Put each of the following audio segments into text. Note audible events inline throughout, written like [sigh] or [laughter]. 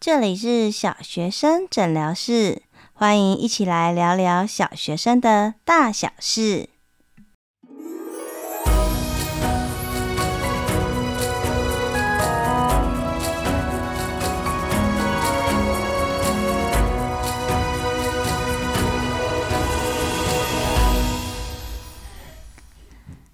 這裡是小學生診聊室，歡迎一起來聊聊小學生的大小事。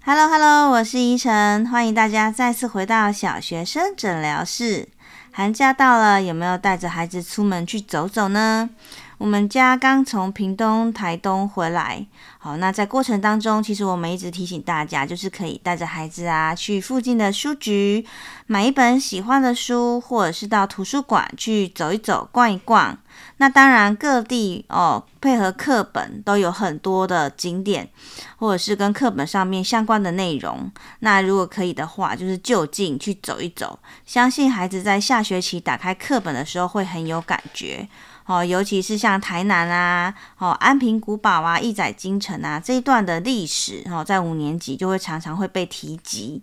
Hello，Hello， [music] hello, 我是依晨，歡迎大家再次回到小學生診聊室。寒假到了，有沒有帶着孩子出門去走走呢？我們家剛從屏東、台東回來。好，那在過程當中，其實我們一直提醒大家，就是可以帶着孩子啊，去附近的書局買一本喜歡的書，或者是到圖書館去走一走、逛一逛。那當然，各地哦配合課本都有很多的景點，或者是跟課本上面相關的內容。那如果可以的話，就是就近去走一走，相信孩子在下學期打開課本的時候會很有感覺。哦，尤其是像台南啊、哦安平古堡啊、億載金城啊這一段的歷史，哦在五年級就會常常會被提及。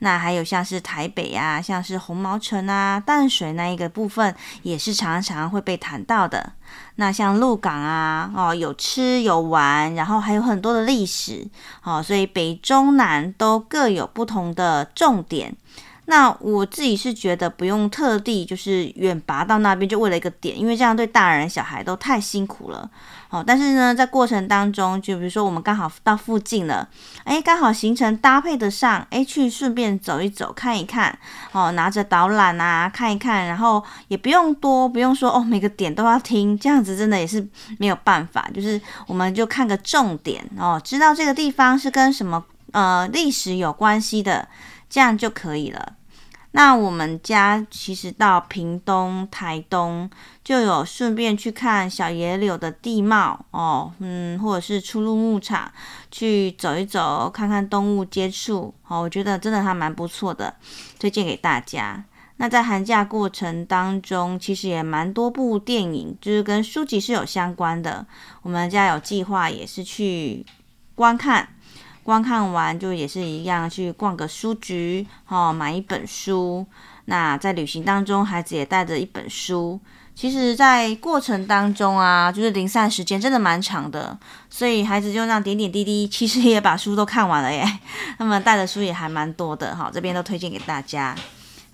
那還有像是台北啊，像是紅毛城啊、淡水那一個部分，也是常常會被談到的。那像鹿港啊，哦，有吃有玩，然後還有很多的歷史，哦，所以北中南都各有不同的重點。那我自己是覺得不用特地就是遠拔到那邊，就為了一個點，因為這樣對大人小孩都太辛苦了。哦，但是呢，在過程當中，就比如說我們剛好到附近了，誒，剛好行程搭配得上，誒，去順便走一走，看一看，哦，拿着導覽啊，看一看，然後也不用多，不用說哦，每個點都要聽，這樣子真的也是沒有辦法，就是我們就看個重點哦，知道這個地方是跟什麼呃歷史有關係的。這樣就可以了。那我們家其實到屏東、台東，就有順便去看小野柳的地貌哦，嗯，或者是出入牧場去走一走，看看動物接觸哦，我覺得真的還蠻不錯的，推薦給大家。那在寒假過程當中，其實也蠻多部電影，就是跟書籍是有相關的，我們家有計劃也是去觀看。光看完就也是一樣，去逛個書局，哈、哦，買一本書。那在旅行當中，孩子也帶着一本書。其實，在過程當中啊，就是零散時間真的蠻長的，所以孩子就讓點點滴滴，其實也把書都看完了耶。那麼帶的書也還蠻多的哈、哦，這邊都推薦給大家。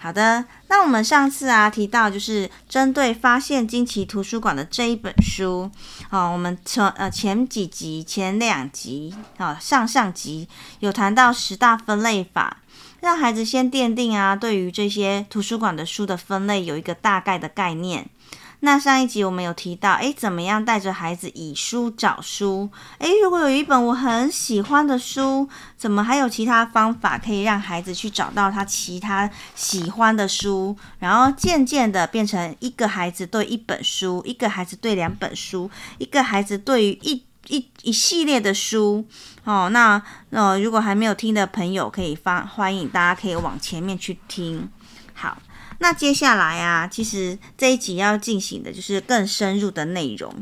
好的，那我們上次啊提到，就是針對發現驚奇圖書館的這一本書，啊、哦，我們從呃前幾集、前兩集啊、哦、上上集有談到十大分類法，讓孩子先奠定啊對於這些圖書館的書的分類有一個大概的概念。那上一集我們有提到，誒，怎麼樣帶着孩子以書找書？誒，如果有一本我很喜歡的書，怎麼還有其他方法可以讓孩子去找到他其他喜歡的書？然後漸漸的變成一個孩子對一本書，一個孩子對兩本書，一個孩子對於一一一系列的書。哦，那呃，那如果還沒有聽的朋友，可以發歡迎大家可以往前面去聽。那接下來啊，其實這一集要進行的就是更深入的內容。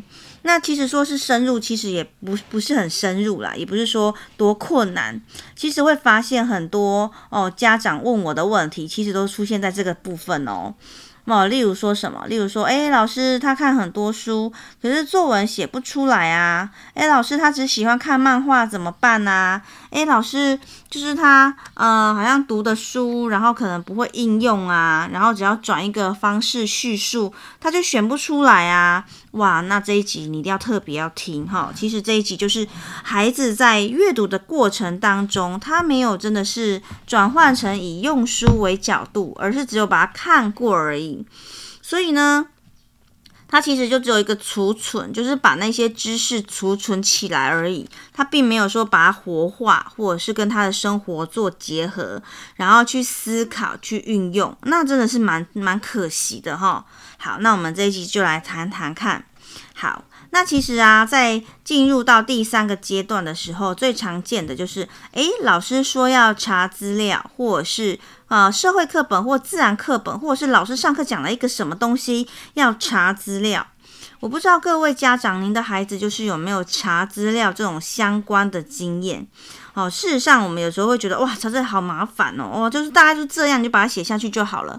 那其實說是深入，其實也不不是很深入啦，也不是說多困難。其實會發現很多哦，家長問我的問題，其實都出現在這個部分哦、喔。哦，例如說什麼？例如說，誒老師他看很多書，可是作文寫不出來啊。誒老師他只喜歡看漫畫，怎麼辦啊？誒老師就是他，嗯、呃、好像讀的書，然後可能不會應用啊，然後只要轉一個方式敘述，他就選不出來啊。哇，那這一集你一定要特別要聽哈。其實這一集就是孩子在閱讀的過程當中，他沒有真的是轉換成以用書為角度，而是只有把它看過而已。所以呢，他其實就只有一個儲存，就是把那些知識儲存起來而已。他並沒有說把它活化，或者是跟他的生活做結合，然後去思考、去運用。那真的是蠻蠻可惜的哈。好，那我們這一集就來談談看。好，那其實啊，在進入到第三個階段的時候，最常見的就是，誒，老師說要查資料，或者是啊、呃，社會課本或自然課本，或者是老師上課講了一個什麼東西要查資料。我不知道各位家長，您的孩子就是有沒有查資料這種相關的經驗？哦，事實上，我們有時候會覺得，哇，查，這好麻煩哦，哦，就是大家就這樣你就把它寫下去就好了。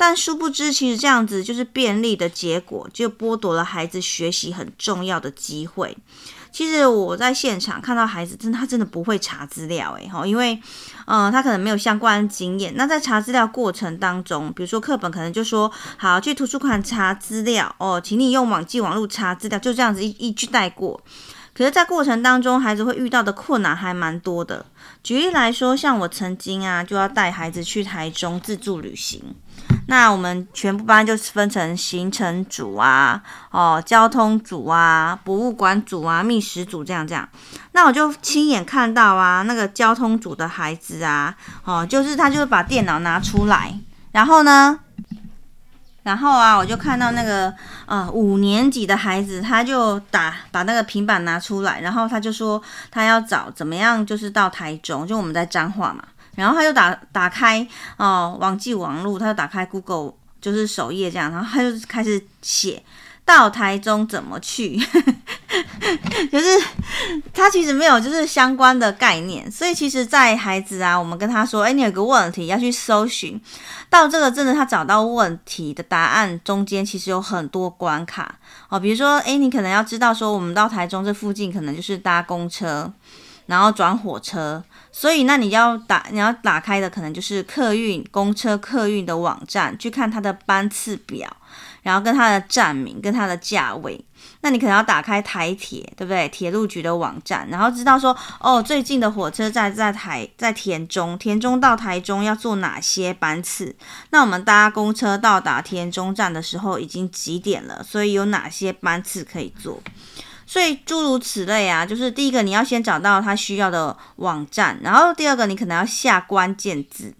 但殊不知，其實這樣子就是便利的結果，就剝奪了孩子學習很重要的機會。其實我在現場看到孩子，真的他真的不會查資料，哎，因為，嗯、呃，他可能沒有相關經驗。那在查資料過程當中，比如說課本可能就說，好，去圖書館查資料哦，請你用網際網路查資料，就這樣子一一句帶過。可是，在過程當中，孩子會遇到的困難還蠻多的。舉例來說，像我曾經啊，就要帶孩子去台中自助旅行。那我們全部班就分成行程組啊，哦，交通組啊，博物館組啊，覓食組這樣這樣。那我就親眼看到啊，那個交通組的孩子啊，哦，就是他就是把電腦拿出來，然後呢，然後啊，我就看到那個啊、呃、五年級的孩子，他就打把那個平板拿出來，然後他就說他要找怎麼樣，就是到台中，就我們在彰化嘛。然後他就打打開哦，網際網路，他就打開 Google 就是首頁這樣，然後他就開始寫到台中怎麼去， [laughs] 就是他其實沒有就是相關的概念，所以其實，在孩子啊，我們跟他說，哎，你有個問題要去搜尋到這個，真的他找到問題的答案中間其實有很多關卡哦，比如說，哎，你可能要知道說，我們到台中這附近可能就是搭公車。然後轉火車，所以那你要打你要打開的可能就是客運公車、客運的網站，去看它的班次表，然後跟它的站名跟它的價位。那你可能要打開台鐵，對不對？鐵路局的網站，然後知道說哦，最近的火車站在台在田中，田中到台中要坐哪些班次？那我們搭公車到達田中站的時候已經幾點了？所以有哪些班次可以坐？所以諸如此類啊，就是第一個你要先找到他需要的網站，然後第二個你可能要下關鍵字，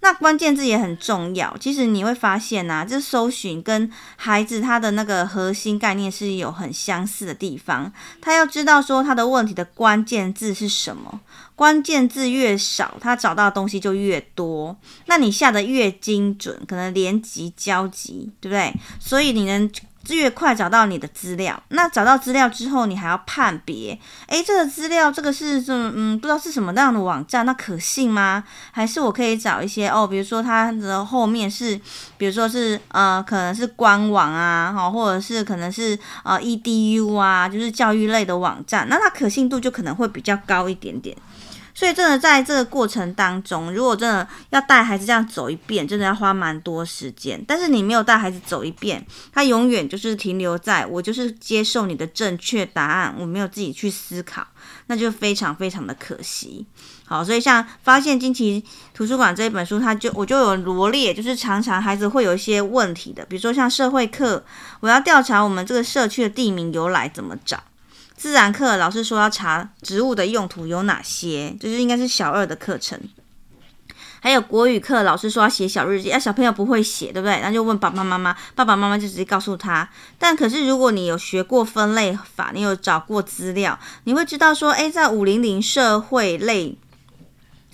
那關鍵字也很重要。其實你會發現吶，這搜尋跟孩子他的那個核心概念是有很相似的地方。他要知道說他的問題的關鍵字是什麼，關鍵字越少，他找到的東西就越多。那你下得越精準，可能聯集交集，對不對？所以你能，越快找到你的資料，那找到資料之後，你還要判別，誒，這個資料這個是什嗯，不知道是什麼樣的網站，那可信嗎？還是我可以找一些哦，比如說它的後面是，比如說是呃，可能是官網啊，哈，或者是可能是啊、呃，EDU 啊，就是教育類的網站，那它可信度就可能會比較高一點點。所以真的在這個過程當中，如果真的要帶孩子這樣走一遍，真的要花蠻多時間。但是你沒有帶孩子走一遍，他永遠就是停留在我就是接受你的正確答案，我沒有自己去思考，那就非常非常的可惜。好，所以像發現驚奇圖書館這一本書，他就我就有羅列，就是常常孩子會有一些問題的，比如說像社會課，我要調查我們這個社區的地名由來怎麼找？自然課老師說要查植物的用途有哪些，就是應該是小二的課程。還有國語課老師說要寫小日記，誒，小朋友不會寫，對不對？那就問爸爸媽媽，爸爸媽媽就直接告訴他。但可是如果你有學過分類法，你有找過資料，你會知道說，哎，在五零零社會類。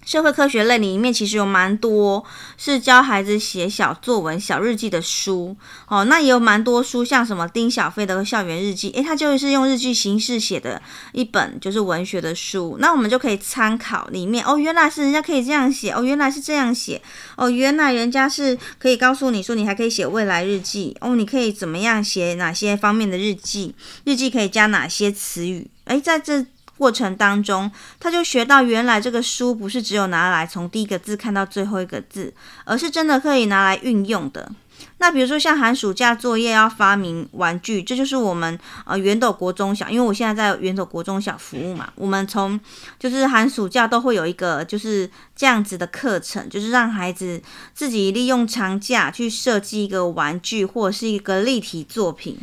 社會科學類裡面其實有蠻多是教孩子寫小作文、小日記的書哦。那也有蠻多書，像什麼丁小飛的《校園日記》，誒，它就是用日記形式寫的一本就是文學的書。那我們就可以參考裡面哦，原來是人家可以這樣寫哦，原來是這樣寫哦，原來人家是可以告訴你說，你還可以寫未來日記哦，你可以怎麼樣寫哪些方面的日記？日記可以加哪些詞語？誒，在這。過程當中，他就學到原來這個書不是只有拿來從第一個字看到最後一個字，而是真的可以拿來運用的。那比如說像寒暑假作業要發明玩具，這就是我們呃圓斗國中小，因為我現在在圓斗國中小服務嘛，我們從就是寒暑假都會有一個就是這樣子的課程，就是讓孩子自己利用長假去設計一個玩具或者是一個立體作品。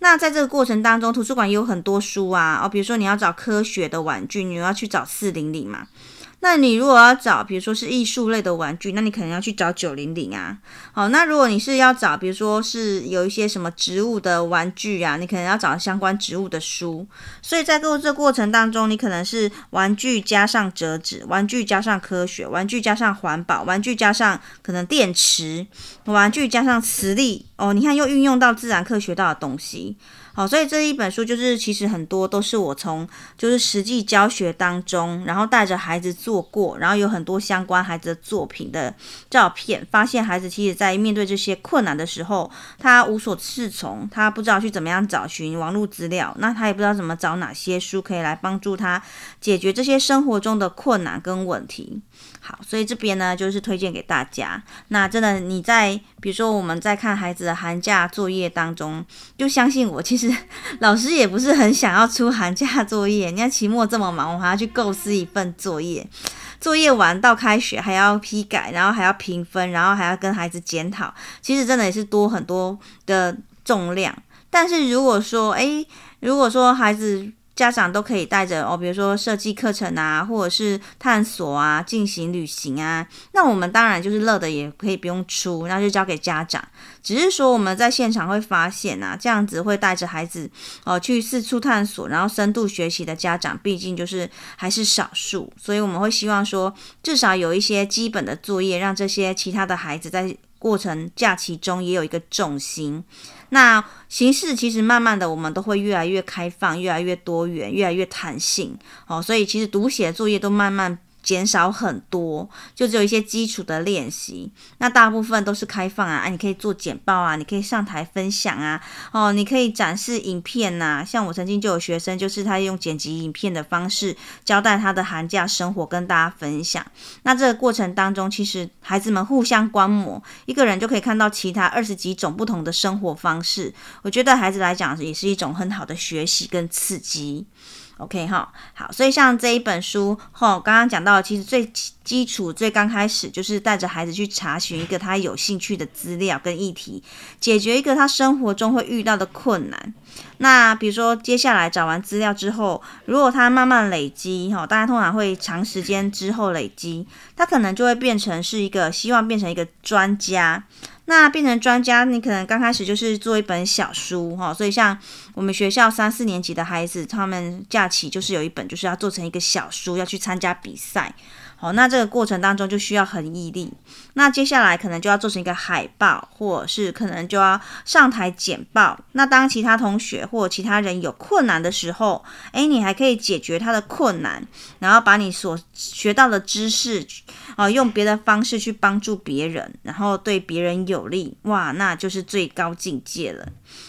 那在這個過程當中，圖書館有很多書啊，哦，比如說你要找科學的玩具，你要去找四零零嘛。那你如果要找，比如說是藝術類的玩具，那你可能要去找九零零啊。好，哦，那如果你是要找，比如說是有一些什麼植物的玩具啊，你可能要找相關植物的書。所以在這個過程當中，你可能是玩具加上摺紙，玩具加上科學，玩具加上環保，玩具加上可能電池，玩具加上磁力。哦，你看又運用到自然科學到的東西，好，哦，所以這一本書就是其實很多都是我從就是實際教學當中，然後帶着孩子做過，然後有很多相關孩子的作品的照片，發現孩子其實在面對這些困難的時候，他無所適從，他不知道去怎麼樣找尋網絡資料，那他也不知道怎麼找哪些書可以來幫助他解決這些生活中的困難跟問題。所以這邊呢，就是推薦給大家。那真的，你在比如說我們在看孩子的寒假作業當中，就相信我，其實老師也不是很想要出寒假作業。你看期末這麼忙，我還要去構思一份作業，作業完到開學還要批改，然後還要評分，然後還要跟孩子檢討，其實真的也是多很多的重量。但是如果說，欸，如果說孩子。家長都可以帶着哦，比如說設計課程啊，或者是探索啊，進行旅行啊。那我們當然就是樂的，也可以不用出，那就交給家長。只是說我們在現場會發現啊，這樣子會帶着孩子哦，呃，去四處探索，然後深度學習的家長，畢竟就是還是少數，所以我們會希望說，至少有一些基本的作業，讓這些其他的孩子在。過程假期中也有一個重心，那形式其實慢慢的我們都會越來越開放，越來越多元，越來越彈性，哦，所以其實讀寫作業都慢慢。減少很多，就只有一些基礎的練習。那大部分都是開放啊，啊，你可以做剪報啊，你可以上台分享啊，哦，你可以展示影片吶、啊。像我曾經就有學生，就是他用剪輯影片的方式交代他的寒假生活跟大家分享。那這個過程當中，其實孩子們互相觀摩，一個人就可以看到其他二十幾種不同的生活方式。我覺得孩子來講也是一種很好的學習跟刺激。OK 哈，好，所以像這一本書哈，剛剛講到，其實最基礎、最剛開始，就是帶着孩子去查詢一個他有興趣的資料跟議題，解決一個他生活中會遇到的困難。那比如說，接下來找完資料之後，如果他慢慢累積哈，大家通常會長時間之後累積，他可能就會變成是一個希望變成一個專家。那變成專家，你可能剛開始就是做一本小書哈，所以像我們學校三四年級的孩子，他們假期就是有一本，就是要做成一個小書，要去參加比賽。哦，那這個過程當中就需要很毅力。那接下來可能就要做成一個海報，或者是可能就要上台簡報。那當其他同學或其他人有困難的時候，誒，你還可以解決他的困難，然後把你所學到的知識，啊、呃，用別的方式去幫助別人，然後對別人有利，哇，那就是最高境界了。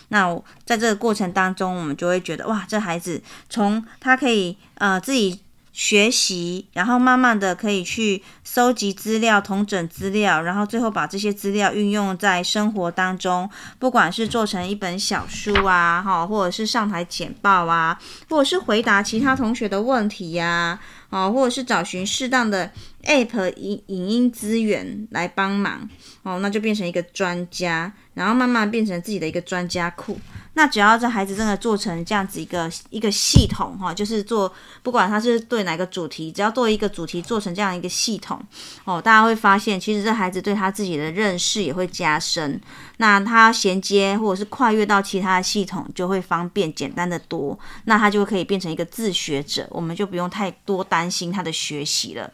那在這個過程當中，我們就會覺得，哇，這孩子從他可以呃自己。學習，然後慢慢的可以去收集資料、統整資料，然後最後把這些資料運用在生活當中，不管是做成一本小書啊，哈，或者是上台簡報啊，或者是回答其他同學的問題呀、啊。哦，或者是找尋適當的 App 影影音資源來幫忙哦，那就變成一個專家，然後慢慢變成自己的一個專家庫。那只要這孩子真的做成這樣子一個一個系統哈，就是做不管他是對哪個主題，只要做一個主題做成這樣一個系統哦，大家會發現其實這孩子對他自己的認識也會加深。那他銜接或者是跨越到其他的系統，就會方便簡單得多。那他就可以變成一個自學者，我們就不用太多擔心他的學習了。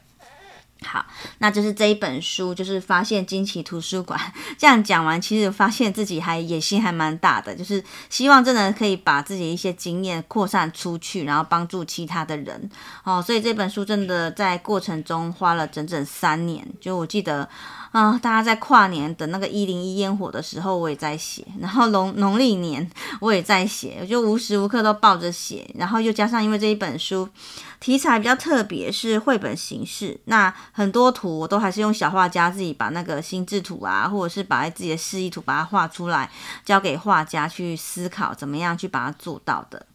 好，那就是這一本書，就是發現驚奇圖書館這樣講完，其實發現自己還野心還蠻大的，就是希望真的可以把自己一些經驗擴散出去，然後幫助其他的人哦。所以這本書真的在過程中花了整整三年，就我記得。啊、嗯！大家在跨年等那個一零一煙火的時候，我也在寫；然後農農曆年我也在寫，我就無時無刻都抱着寫。然後又加上，因為這一本書題材比較特別，是繪本形式，那很多圖我都還是用小畫家自己把那個心智圖啊，或者是把自己的示意圖把它畫出來，交給畫家去思考怎麼樣去把它做到的。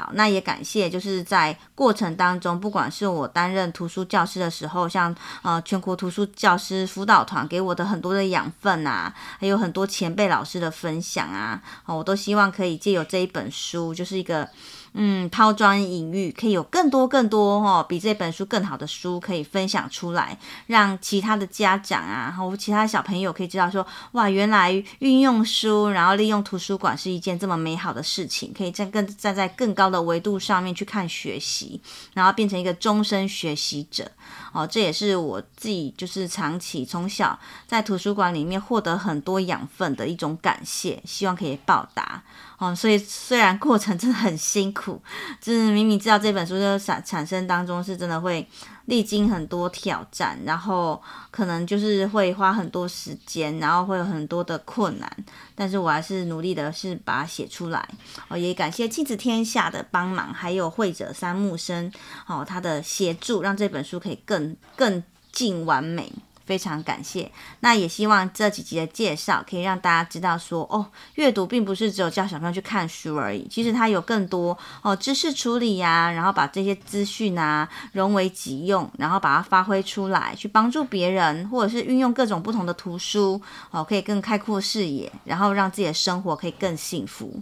好，那也感謝，就是在過程當中，不管是我擔任圖書教師的時候，像呃全國圖書教師輔導團給我的很多的養分啊，還有很多前輩老師的分享啊，哦，我都希望可以借由這一本書，就是一個。嗯，拋磚引玉，可以有更多更多哈、哦，比這本書更好的書可以分享出來，讓其他的家長啊，然後其他小朋友可以知道說，哇，原來運用書，然後利用圖書館是一件這麼美好的事情，可以站更站在更高的維度上面去看學習，然後變成一個終身學習者。哦，這也是我自己就是長期從小在圖書館裡面獲得很多養分的一種感謝，希望可以報答。哦，所以雖然過程真的很辛苦，就是明明知道這本書的產產生當中是真的會歷經很多挑戰，然後可能就是會花很多時間，然後會有很多的困難，但是我還是努力的是把它寫出來。哦，也感謝親子天下的幫忙，還有繪者三木生哦，他的協助，讓這本書可以更更近完美。非常感謝，那也希望這幾集的介紹可以讓大家知道說，哦，閱讀並不是只有叫小朋友去看書而已，其實它有更多哦知識處理呀、啊，然後把這些資訊啊融為己用，然後把它發揮出來，去幫助別人，或者是運用各種不同的圖書哦，可以更開闊視野，然後讓自己的生活可以更幸福。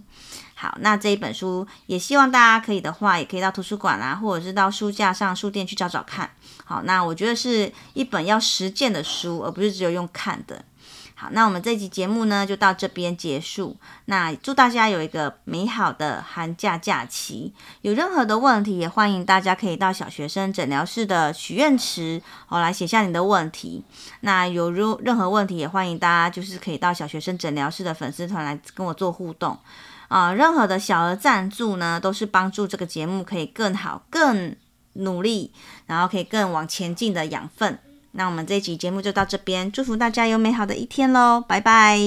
好，那這一本書也希望大家可以的話，也可以到圖書館啦、啊，或者是到書架上書店去找找看。好，那我覺得是一本要實踐的書，而不是只有用看的。好，那我們這一集節目呢，就到這邊結束。那祝大家有一個美好的寒假假期。有任何的問題，也歡迎大家可以到小學生診聊室的許願池哦，來寫下你的問題。那有如任何問題，也歡迎大家就是可以到小學生診聊室的粉絲團來跟我做互動。啊、哦，任何的小額贊助呢，都是幫助這個節目可以更好、更努力，然後可以更往前進的養分。那我們這一集節目就到這邊，祝福大家有美好的一天嘍，拜拜。